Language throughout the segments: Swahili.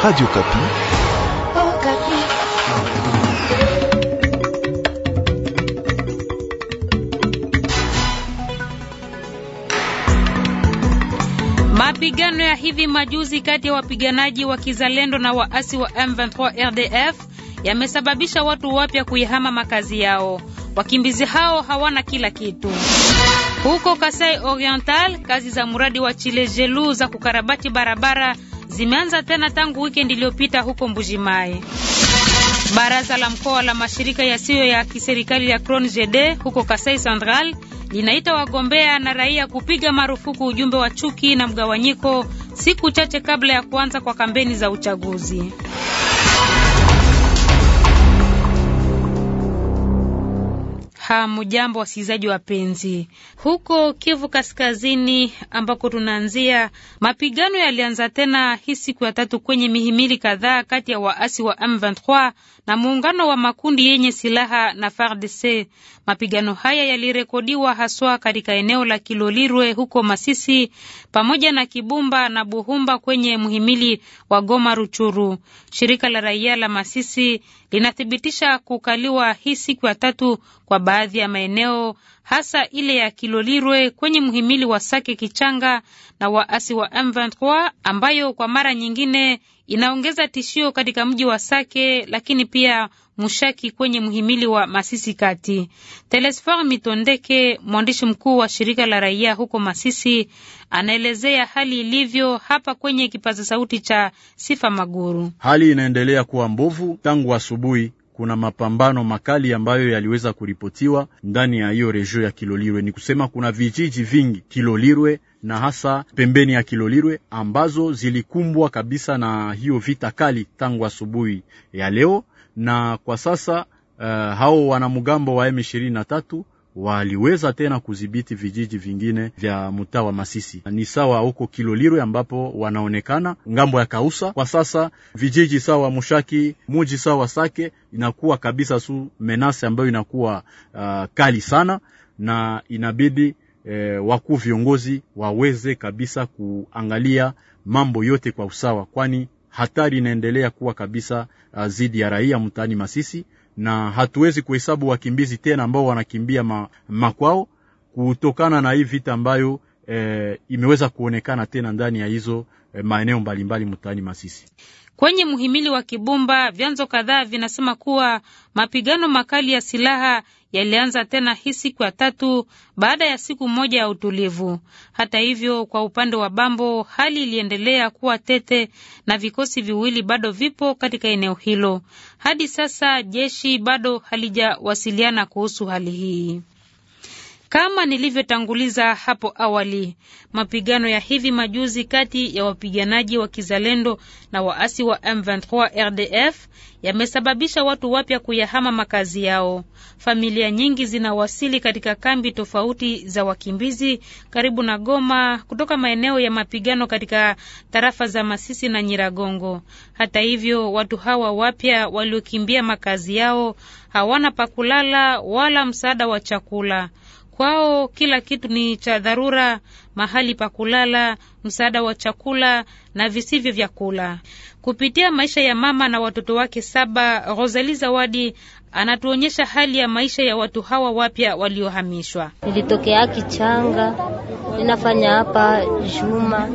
Radio Kapi. Oh, Kapi. Mapigano ya hivi majuzi kati ya wapiganaji wa Kizalendo na waasi wa M23 RDF yamesababisha watu wapya kuihama makazi yao. Wakimbizi hao hawana kila kitu. Huko Kasai Oriental, kazi za mradi wa Jelu za kukarabati barabara zimeanza tena tangu wikendi iliyopita huko Mbujimai. Baraza la mkoa la mashirika yasiyo ya kiserikali ya CRONGD huko Kasai Central linaita wagombea na raia kupiga marufuku ujumbe wa chuki na mgawanyiko siku chache kabla ya kuanza kwa kampeni za uchaguzi. Hamujambo wasikilizaji wapenzi. Huko Kivu Kaskazini ambako tunaanzia, mapigano yalianza tena hii siku ya tatu kwenye mihimili kadhaa kati ya waasi wa M23 na muungano wa makundi yenye silaha na FARDC. Mapigano haya yalirekodiwa haswa katika eneo la Kilolirwe huko Masisi, pamoja na Kibumba na Buhumba kwenye mhimili wa Goma Ruchuru. Shirika la raia la Masisi linathibitisha kukaliwa hii siku ya tatu kwa baadhi ya maeneo hasa ile ya Kilolirwe kwenye mhimili wa Sake Kichanga na waasi wa M23 ambayo kwa mara nyingine inaongeza tishio katika mji wa Sake lakini pia Mushaki kwenye mhimili wa Masisi Kati. Telesfor Mitondeke, mwandishi mkuu wa shirika la raia huko Masisi, anaelezea hali ilivyo hapa kwenye kipaza sauti cha Sifa Maguru. Hali inaendelea kuwa mbovu tangu asubuhi kuna mapambano makali ambayo yaliweza kuripotiwa ndani ya hiyo regio ya Kilolirwe. Ni kusema kuna vijiji vingi Kilolirwe na hasa pembeni ya Kilolirwe ambazo zilikumbwa kabisa na hiyo vita kali tangu asubuhi ya leo, na kwa sasa uh, hao wanamgambo wa M23 waliweza tena kudhibiti vijiji vingine vya mtaa wa Masisi, ni sawa huko Kilolirwe ambapo wanaonekana ngambo ya Kausa. Kwa sasa vijiji sawa Mushaki, muji sawa Sake, inakuwa kabisa su menase ambayo inakuwa uh, kali sana, na inabidi eh, wakuu viongozi waweze kabisa kuangalia mambo yote kwa usawa, kwani hatari inaendelea kuwa kabisa uh, zidi ya raia mtaani Masisi na hatuwezi kuhesabu wakimbizi tena ambao wanakimbia ma, makwao kutokana na hii vita ambayo e, imeweza kuonekana tena ndani ya hizo e, maeneo mbalimbali mtaani Masisi. Kwenye mhimili wa Kibumba, vyanzo kadhaa vinasema kuwa mapigano makali ya silaha yalianza tena hii siku ya tatu baada ya siku moja ya utulivu. Hata hivyo, kwa upande wa Bambo hali iliendelea kuwa tete na vikosi viwili bado vipo katika eneo hilo. Hadi sasa jeshi bado halijawasiliana kuhusu hali hii. Kama nilivyotanguliza hapo awali, mapigano ya hivi majuzi kati ya wapiganaji wa kizalendo na waasi wa M23 RDF yamesababisha watu wapya kuyahama makazi yao. Familia nyingi zinawasili katika kambi tofauti za wakimbizi karibu na Goma kutoka maeneo ya mapigano katika tarafa za Masisi na Nyiragongo. Hata hivyo, watu hawa wapya waliokimbia makazi yao hawana pa kulala wala msaada wa chakula. Kwao kila kitu ni cha dharura: mahali pa kulala, msaada wa chakula na visivyo vya kula. Kupitia maisha ya mama na watoto wake saba, rosali Zawadi anatuonyesha hali ya maisha ya watu hawa wapya waliohamishwa. Nilitokea Kichanga, ninafanya hapa Juma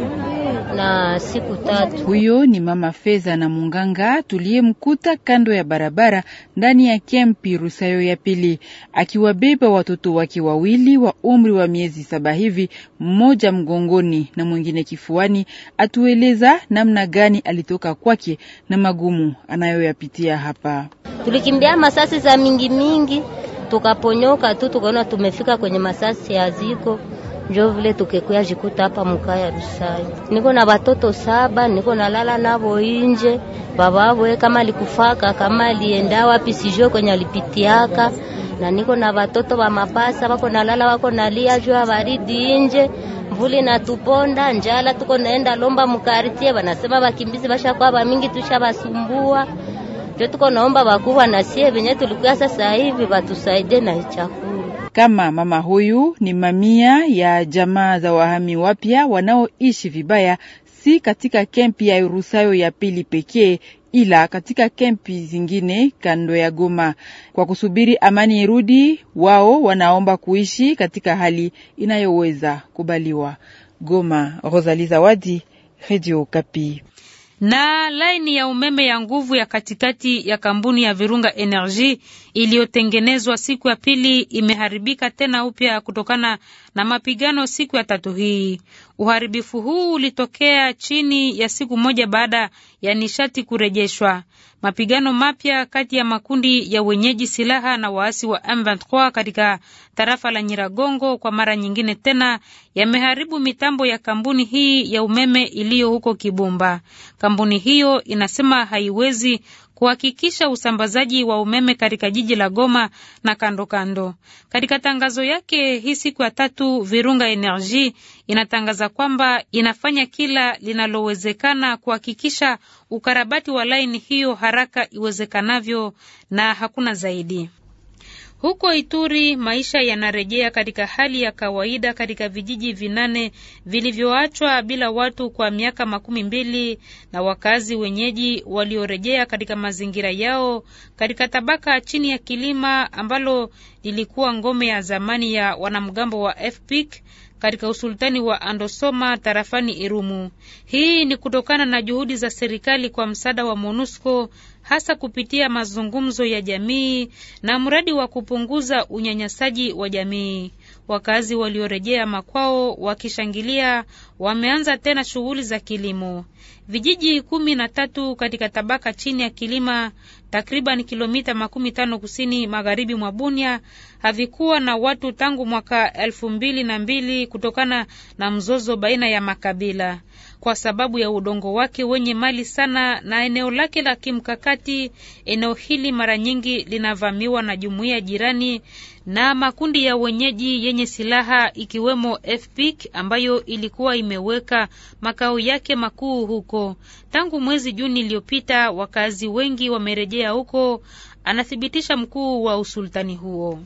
na siku tatu. Huyo ni mama fedha na Munganga tuliyemkuta kando ya barabara ndani ya kempi Rusayo ya pili, akiwabeba watoto wake wawili wa umri wa miezi saba hivi, mmoja mgongoni na mwingine kifuani. Atueleza namna gani alitoka kwake na magumu anayoyapitia hapa. Tulikimbia masasi za mingi mingi, tukaponyoka tu, tukaona tumefika kwenye masasi ya ziko njo vile tukekuya jikuta hapa mukaya Rusai. Niko na batoto saba, niko nalala nabo inje. Baba wao kama alikufaka kama alienda wapi sijue kwenye alipitiaka, na niko na batoto ba mapasa wako nalala wako nalia juu ya baridi inje mvuli tuponda njala, tuko naenda lomba mukaritie, banasema bakimbizi bashakuwa bamingi, tushabasumbua njo tuko naomba bakubwa na sie venye tulikuya sasa hivi batusaidie na ichakula kama mama huyu ni mamia ya jamaa za wahami wapya wanaoishi vibaya, si katika kempi ya Rusayo ya pili pekee ila katika kempi zingine kando ya Goma. Kwa kusubiri amani irudi, wao wanaomba kuishi katika hali inayoweza kubaliwa. Goma, rosali Zawadi, redio Kapi. Na laini ya umeme ya nguvu ya katikati ya kampuni ya Virunga Energy iliyotengenezwa siku ya pili imeharibika tena upya kutokana na mapigano siku ya tatu hii. Uharibifu huu ulitokea chini ya siku moja baada ya nishati kurejeshwa. Mapigano mapya kati ya makundi ya wenyeji silaha na waasi wa M23 katika tarafa la Nyiragongo kwa mara nyingine tena yameharibu mitambo ya kampuni hii ya umeme iliyo huko Kibumba. Kampuni hiyo inasema haiwezi kuhakikisha usambazaji wa umeme katika jiji la Goma na kando kando. Katika tangazo yake hii siku ya tatu, Virunga Energy inatangaza kwamba inafanya kila linalowezekana kuhakikisha ukarabati wa laini hiyo haraka iwezekanavyo na hakuna zaidi. Huko Ituri maisha yanarejea katika hali ya kawaida katika vijiji vinane vilivyoachwa bila watu kwa miaka makumi mbili na wakazi wenyeji waliorejea katika mazingira yao katika tabaka chini ya kilima ambalo lilikuwa ngome ya zamani ya wanamgambo wa FPIC katika usultani wa Andosoma tarafani Irumu. Hii ni kutokana na juhudi za serikali kwa msaada wa MONUSCO hasa kupitia mazungumzo ya jamii na mradi wa kupunguza unyanyasaji wa jamii. Wakazi waliorejea makwao wakishangilia wameanza tena shughuli za kilimo vijiji kumi na tatu katika tabaka chini ya kilima takriban kilomita makumi tano kusini magharibi mwa Bunia havikuwa na watu tangu mwaka elfu mbili na mbili kutokana na mzozo baina ya makabila kwa sababu ya udongo wake wenye mali sana na eneo lake la kimkakati. Eneo hili mara nyingi linavamiwa na jumuiya jirani na makundi ya wenyeji yenye silaha ikiwemo FPIC ambayo ilikuwa imeweka makao yake makuu huko huko. Tangu mwezi Juni iliyopita wakazi wengi wamerejea huko, anathibitisha mkuu wa usultani huo.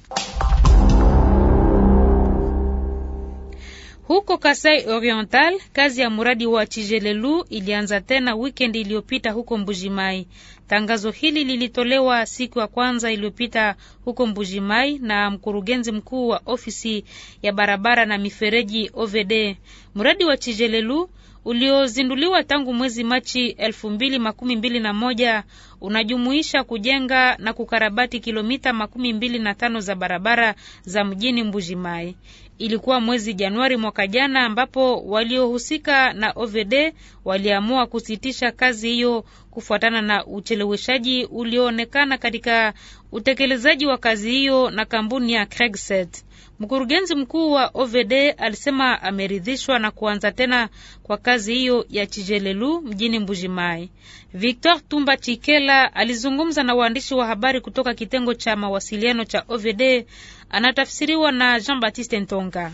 Huko Kasai Oriental, kazi ya mradi wa Chijelelu ilianza tena wikendi iliyopita huko Mbujimai. Tangazo hili lilitolewa siku ya kwanza iliyopita huko Mbujimai na mkurugenzi mkuu wa ofisi ya barabara na mifereji OVD. Mradi wa Chijelelu uliozinduliwa tangu mwezi Machi elfu mbili makumi mbili na moja unajumuisha kujenga na kukarabati kilomita makumi mbili na tano za barabara za mjini Mbujimai. Ilikuwa mwezi Januari mwaka jana ambapo waliohusika na OVD waliamua kusitisha kazi hiyo kufuatana na ucheleweshaji ulioonekana katika utekelezaji wa kazi hiyo na kampuni ya Craigset. Mkurugenzi mkuu wa OVD alisema ameridhishwa na kuanza tena kwa kazi hiyo ya Chijelelu mjini Mbujimai. Victor Tumba Chikela alizungumza na waandishi wa habari kutoka kitengo cha mawasiliano cha OVD, anatafsiriwa na Jean Baptiste Ntonga.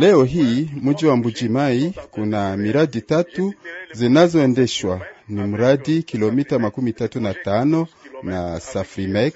Leo hii mji wa Mbujimai kuna miradi tatu zinazoendeshwa, ni mradi kilomita makumi tatu na tano na Safimex,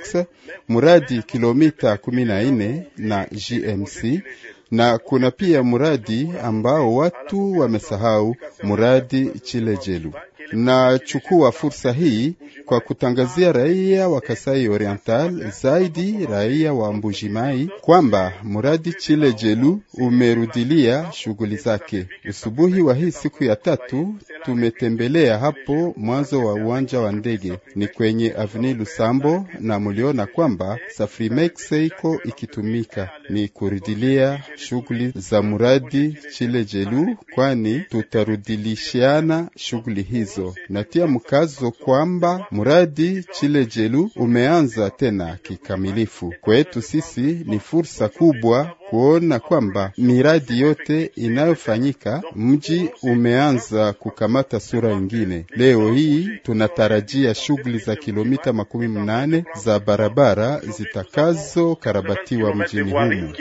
muradi kilomita 14 na na GMC na kuna pia muradi ambao watu wamesahau, muradi Chilejelu. Nachukua fursa hii kwa kutangazia raia wa Kasai Oriental, zaidi raia wa Mbujimai, kwamba mradi Chile Jelu umerudilia shughuli zake. Usubuhi wa hii siku ya tatu tumetembelea hapo mwanzo wa uwanja wa ndege, ni kwenye Avenue Lusambo, na muliona kwamba Safrimex iko ikitumika. Ni kurudilia shughuli za mradi Chile Jelu, kwani tutarudilishiana shughuli hizi mkazo, natia mkazo kwamba mradi Chilejelu umeanza tena kikamilifu. Kwetu sisi ni fursa kubwa kuona kwamba miradi yote inayofanyika mji umeanza kukamata sura ingine Leo hii tunatarajia shughuli za kilomita makumi mnane za barabara zitakazokarabatiwa mjini humo.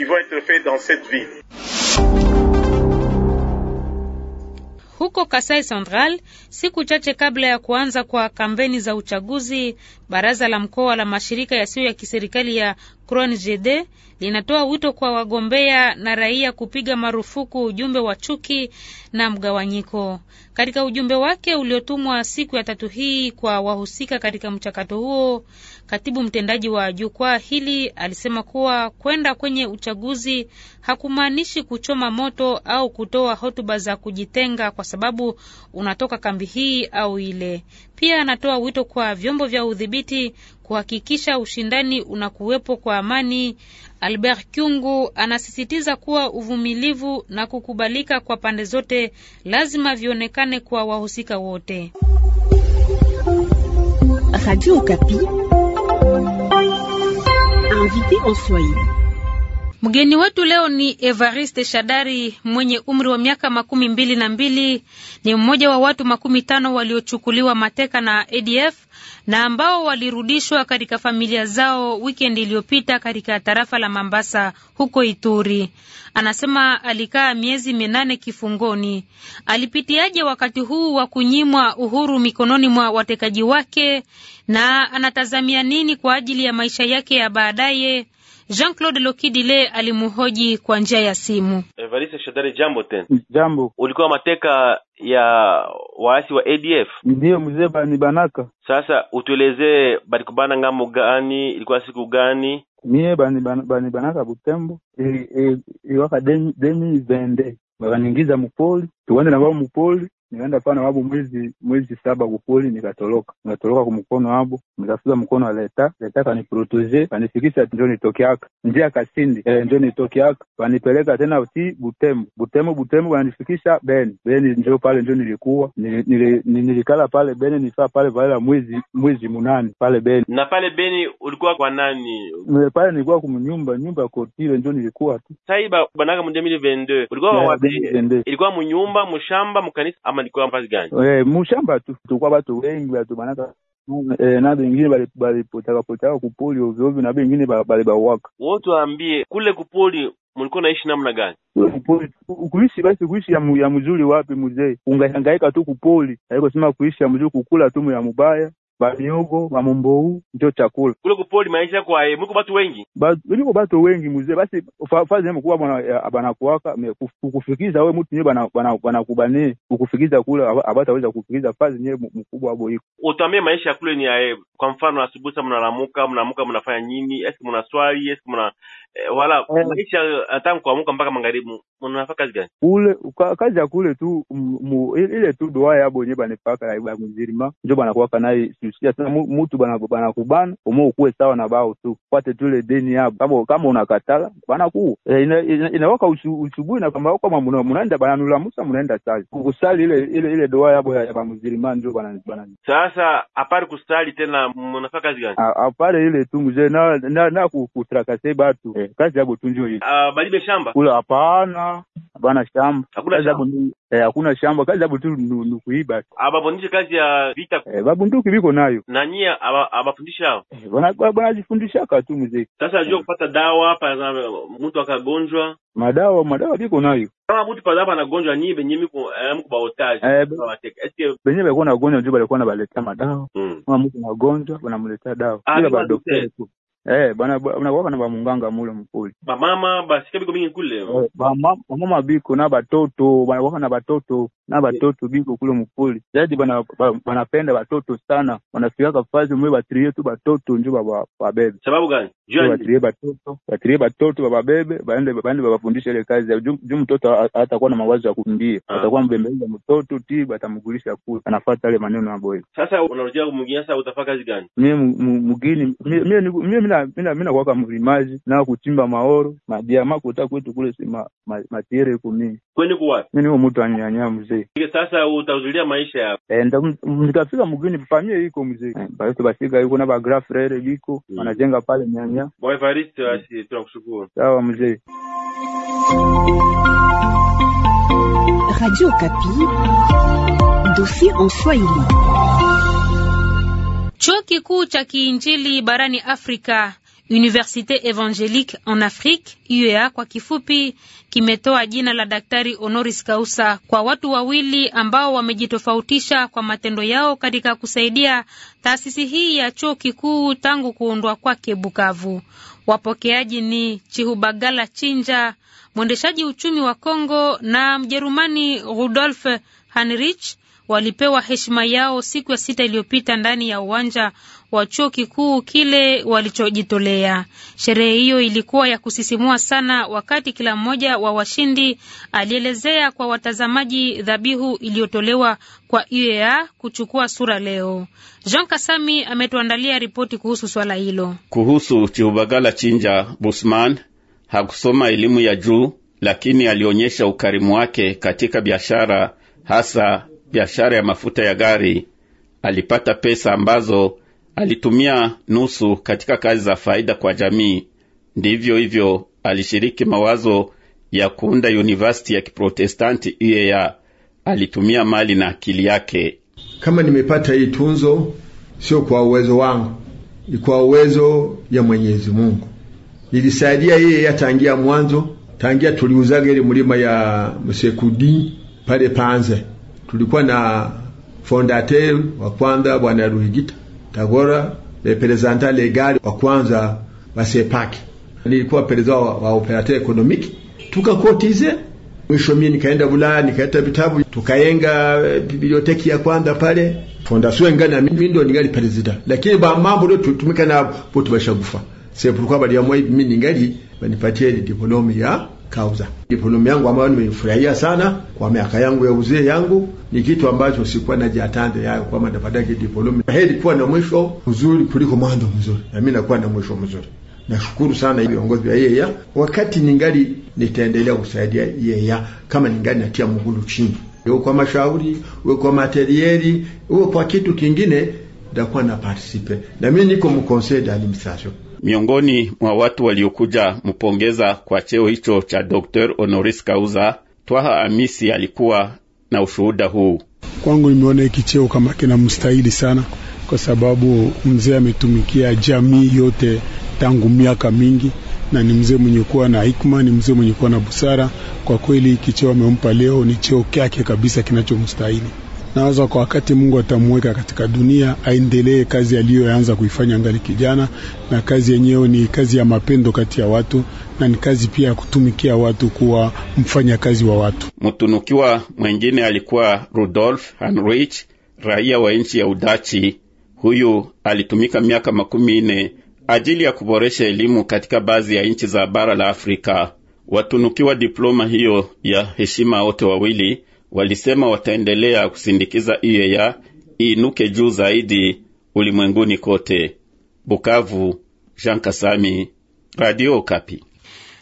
Huko Kasai Central, siku chache kabla ya kuanza kwa kampeni za uchaguzi, baraza la mkoa la mashirika yasiyo ya kiserikali ya GD linatoa wito kwa wagombea na raia kupiga marufuku ujumbe wa chuki na mgawanyiko. Katika ujumbe wake uliotumwa siku ya tatu hii kwa wahusika katika mchakato huo, Katibu mtendaji wa jukwaa hili alisema kuwa kwenda kwenye uchaguzi hakumaanishi kuchoma moto au kutoa hotuba za kujitenga kwa sababu unatoka kambi hii au ile. Pia anatoa wito kwa vyombo vya udhibiti kuhakikisha ushindani unakuwepo kwa amani. Albert Kyungu anasisitiza kuwa uvumilivu na kukubalika kwa pande zote lazima vionekane kwa wahusika wote. Radio invité en soi. Mgeni wetu leo ni Evariste Shadari mwenye umri wa miaka makumi mbili na mbili. Ni mmoja wa watu makumi tano waliochukuliwa mateka na ADF na ambao walirudishwa katika familia zao wikendi iliyopita katika tarafa la Mambasa huko Ituri. Anasema alikaa miezi minane kifungoni. Alipitiaje wakati huu wa kunyimwa uhuru mikononi mwa watekaji wake? na anatazamia nini kwa ajili ya maisha yake ya baadaye. Jean-Claude Lokidile alimuhoji kwa njia ya simu. Evariste Shadari, jambo tena. Jambo. Ulikuwa mateka ya waasi wa ADF? Ndiyo mzee, bani banaka. Sasa utuelezee balikubana ngamo gani, ilikuwa siku gani? Mie bani bani banaka Butembo iwaka e, e, demi vende bakaningiza mupoli tuwande na mupoli nikaenda pana wabu mwezi mwezi saba kukuli, nikatoloka ku mkono wabu, nikafuza mkono wa leta leta, kaniprotoje kanifikisha ndio nitokeaka njia Kasindi eh, ndio nitokeaka, wanipeleka tena uti Butembo Butembo Butembo, wananifikisha Beni Beni, njo pale njo nilikuwa nil, nil, nil, nilikala pale Beni, nifaa pale valela mwezi mwezi munani pale Beni. Na pale Beni ulikuwa kwa nani? Mle pale nilikuwa kumnyumba nyumba ya kotile, njo nilikuwa tu saiba banaka mu 2022 ulikuwa yeah, wapi? Ilikuwa munyumba mushamba mukanisa ama kwa nafasi gani? Eh, mushamba tu tulikuwa watu wengi, watu banaka E, eh, na bengine potaka kupoli ovyoovyo na bengine balibawaka wote. Waambie kule kupoli mlikuwa naishi namna gani? Kuishi basi kuishi ya, ya mzuri wapi mzee, ungahangaika tu kupoli, haiko sema kuishi ya mzuri, kukula tu ya mubaya ba miogo ba mombou ndio chakula kule kupoli maisha kwa e, mko batu wengi ba niko batu wengi mzee basi fazi bwana abana kuaka kukufikiza wewe mtu nyewe bana bana banakubanie kukufikiza kule abata abataweza kukufikiza fazi nyewe mkubwa hapo iko utambie maisha kule ni ae, kwa mfano asubuhi sana mnalamuka mnamuka mnafanya nini eski mnaswali eski mna e, eh, wala eh, maisha eh, tangu kuamuka mpaka magharibi mnafanya kazi gani kule kazi ya kule tu ile tu doa yabo nyewe bana paka banipaka mzirima njoo bana kuaka naye ukishikia tena mutu banakubana umo ukuwe sawa na bao tu kwate tule deni yabo kama, kama unakatala banakuwa e, eh, inawaka usubuhi na kwamba kama munaenda bananulamusa munaenda sali kukusali ile ile ile doa yabo ya bamuzirimani njo bana sasa apari kusali tena munafaa kazi gani apare ile tu mzee na na, na kutrakase batu eh, kazi yabo tu njo ile uh, ah, balibe shamba ule hapana Hapana shamba, hakuna shamba, eh, hakuna shamba. Kazi zabu tu ni kuiba. Abafundishe ah, kazi ya vita eh, babunduki biko nayo na nyie abafundisha eh, banazifundishaka tu mzee. Sasa ajua eh. kupata dawa hapa, mtu akagonjwa, madawa madawa biko nayo kama mtu padapa anagonjwa nyie benye miko mkubaotaji benye balikuwa nagonjwa njo balikuwa nabaletea madawa. Hmm. Kama mtu nagonjwa banamletea dawa, ah, ila badokteri tu Eh, bana bana na bamunganga mule mkuli. Bamama basika mingi kule. Eh, bamama biko na batoto, bana kwa batoto na batoto biko kule mkuli zaidi banapenda batoto sana, wanafikaka fazi mwe batrie tu batoto njo babebe. Sababu gani? Batirie batoto, batirie batoto bababebe, baende baende babafundisha ile kazi juu mtoto atakuwa na mawazo ya kumbia, ah. atakuwa mbembeleza mtoto ti batamgulisha kule, anafuata ile maneno yaboyo. Sasa unarudia kumgini, sasa utafaa kazi gani? Mie mgini mie kwa mlimaji na kuchimba maoro madiama kuta kwetu kule matiere kumi kweni kuwapi? mimi ni mtu anyanyamu mzee. Sasa utazulia maisha yako e, eh, ndo mzikafika mgini pamiye hiko mzee e, basi bashika yuko na bagrafu rere biko mm. wanajenga pale nyanya bwa Evariste basi tunakushukuru. Sawa mzee. Radio Kapi, dossier en Swahili. Chuo kikuu cha Kiinjili barani Afrika Université évangélique en Afrique UEA kwa kifupi, kimetoa jina la Daktari Honoris Causa kwa watu wawili ambao wamejitofautisha kwa matendo yao katika kusaidia taasisi hii ya chuo kikuu tangu kuundwa kwake Bukavu. Wapokeaji ni Chihubagala Chinja, mwendeshaji uchumi wa Kongo na Mjerumani Rudolf Heinrich walipewa heshima yao siku ya sita iliyopita ndani ya uwanja wa chuo kikuu kile walichojitolea. Sherehe hiyo ilikuwa ya kusisimua sana, wakati kila mmoja wa washindi alielezea kwa watazamaji dhabihu iliyotolewa kwa UEA kuchukua sura leo. Jean Kasami ametuandalia ripoti kuhusu swala hilo. Kuhusu chiubagala Chinja Busman, hakusoma elimu ya juu, lakini alionyesha ukarimu wake katika biashara hasa biashara ya mafuta ya gari. Alipata pesa ambazo alitumia nusu katika kazi za faida kwa jamii. Ndivyo hivyo alishiriki mawazo ya kuunda yunivasiti ya Kiprotestanti UEA. Alitumia mali na akili yake. Kama nimepata hii tunzo, sio kwa uwezo wangu, ni kwa uwezo ya Mwenyezi Mungu. Nilisaidia yeye yatangia mwanzo, tangia tuliuzage ile mulima ya Msekudi pale Panze tulikuwa na fondateur wa kwanza Bwana Ruhigita Tagora, representant legal wa kwanza wa Sepaki, nilikuwa pereza wa, wa operateur economique. Tukakotize mwisho, mimi nikaenda Bulaya nikaeta vitabu, tukayenga eh, biblioteki ya kwanza pale fondation ngana, mimi ndo ningali president, lakini ba mambo ndio tutumika na potu bashagufa kwa bali ya mimi ningali banipatie diploma ya kauza. Diplomu yangu ambayo nimeifurahia sana kwa miaka yangu ya uzee yangu ni kitu ambacho sikuwa na jatande yayo kwamba nitapataki diplomu. Heri kuwa na mwisho mzuri kuliko mwanzo mzuri, na mi nakuwa na mwisho mzuri. Nashukuru sana viongozi vya yeya. Wakati ningali nitaendelea kusaidia yeya, kama ningali natia mgulu chini, uwe kwa mashauri, uwe kwa materieli, uwe kwa kitu kingine, ndakuwa na participe, na mi niko mu conseil d'administration. Miongoni mwa watu waliokuja mpongeza kwa cheo hicho cha Dr. Honoris Causa, Twaha Amisi alikuwa na ushuhuda huu. Kwangu nimeona hiki cheo kama kinamstahili sana, kwa sababu mzee ametumikia jamii yote tangu miaka mingi, na ni mzee mwenye kuwa na hikma, ni mzee mwenye kuwa na busara. Kwa kweli hiki cheo amempa leo ni cheo kyake kabisa kinachomstahili nawaza kwa wakati Mungu atamweka katika dunia aendelee kazi aliyoanza kuifanya ngali kijana, na kazi yenyewe ni kazi ya mapendo kati ya watu na ni kazi pia ya kutumikia watu, kuwa mfanya kazi wa watu. Mtunukiwa mwengine alikuwa Rudolf hanrich raia wa nchi ya Udachi. Huyu alitumika miaka makumi nne ajili ya kuboresha elimu katika baadhi ya nchi za bara la Afrika. Watunukiwa diploma hiyo ya heshima wote wawili walisema wataendelea kusindikiza iyeya iinuke juu zaidi ulimwenguni kote. Bukavu, Jean Kasami, Radio Kapi.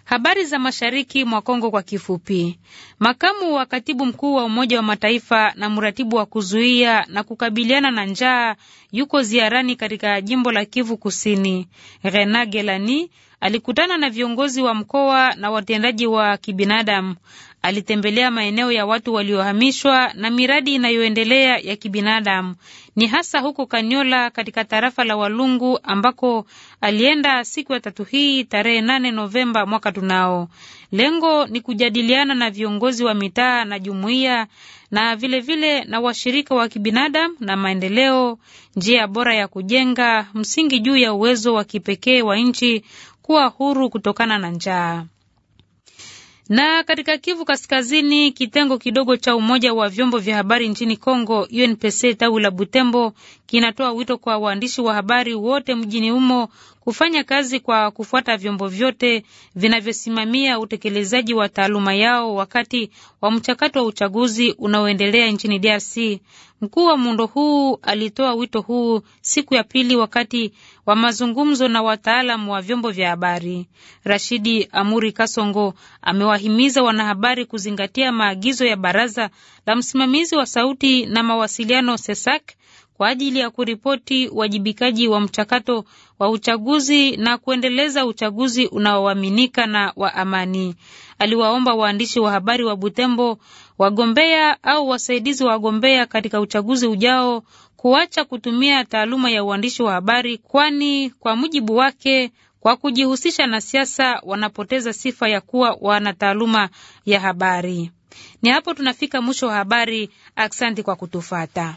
Habari za mashariki mwa Kongo kwa kifupi. Makamu wa katibu mkuu wa Umoja wa Mataifa na mratibu wa kuzuia na kukabiliana na njaa yuko ziarani katika jimbo la Kivu Kusini. Rena Gelani alikutana na viongozi wa mkoa na watendaji wa kibinadamu. Alitembelea maeneo ya watu waliohamishwa na miradi inayoendelea ya kibinadamu. Ni hasa huko Kanyola katika tarafa la Walungu ambako alienda siku ya tatu hii tarehe nane Novemba mwaka tunao. Lengo ni kujadiliana na viongozi wa mitaa na jumuiya na vilevile vile na washirika wa kibinadamu na maendeleo, njia bora ya kujenga msingi juu ya uwezo wa kipekee wa nchi kuwa huru kutokana na njaa. Na katika Kivu Kaskazini, kitengo kidogo cha umoja wa vyombo vya habari nchini congo UNPC tawi la Butembo, kinatoa wito kwa waandishi wa habari wote mjini humo hufanya kazi kwa kufuata vyombo vyote vinavyosimamia utekelezaji wa taaluma yao wakati wa mchakato wa uchaguzi unaoendelea nchini DRC. Mkuu wa muundo huu alitoa wito huu siku ya pili wakati wa mazungumzo na wataalam wa vyombo vya habari. Rashidi Amuri Kasongo amewahimiza wanahabari kuzingatia maagizo ya baraza la msimamizi wa sauti na mawasiliano SESAK kwa ajili ya kuripoti uwajibikaji wa mchakato wa uchaguzi na kuendeleza uchaguzi unaoaminika na wa amani. Aliwaomba waandishi wa habari wa Butembo, wagombea au wasaidizi wa wagombea katika uchaguzi ujao kuacha kutumia taaluma ya uandishi wa habari, kwani kwa mujibu wake kwa kujihusisha na siasa wanapoteza sifa ya kuwa wana taaluma ya habari. Ni hapo tunafika mwisho wa habari. Aksanti kwa kutufata.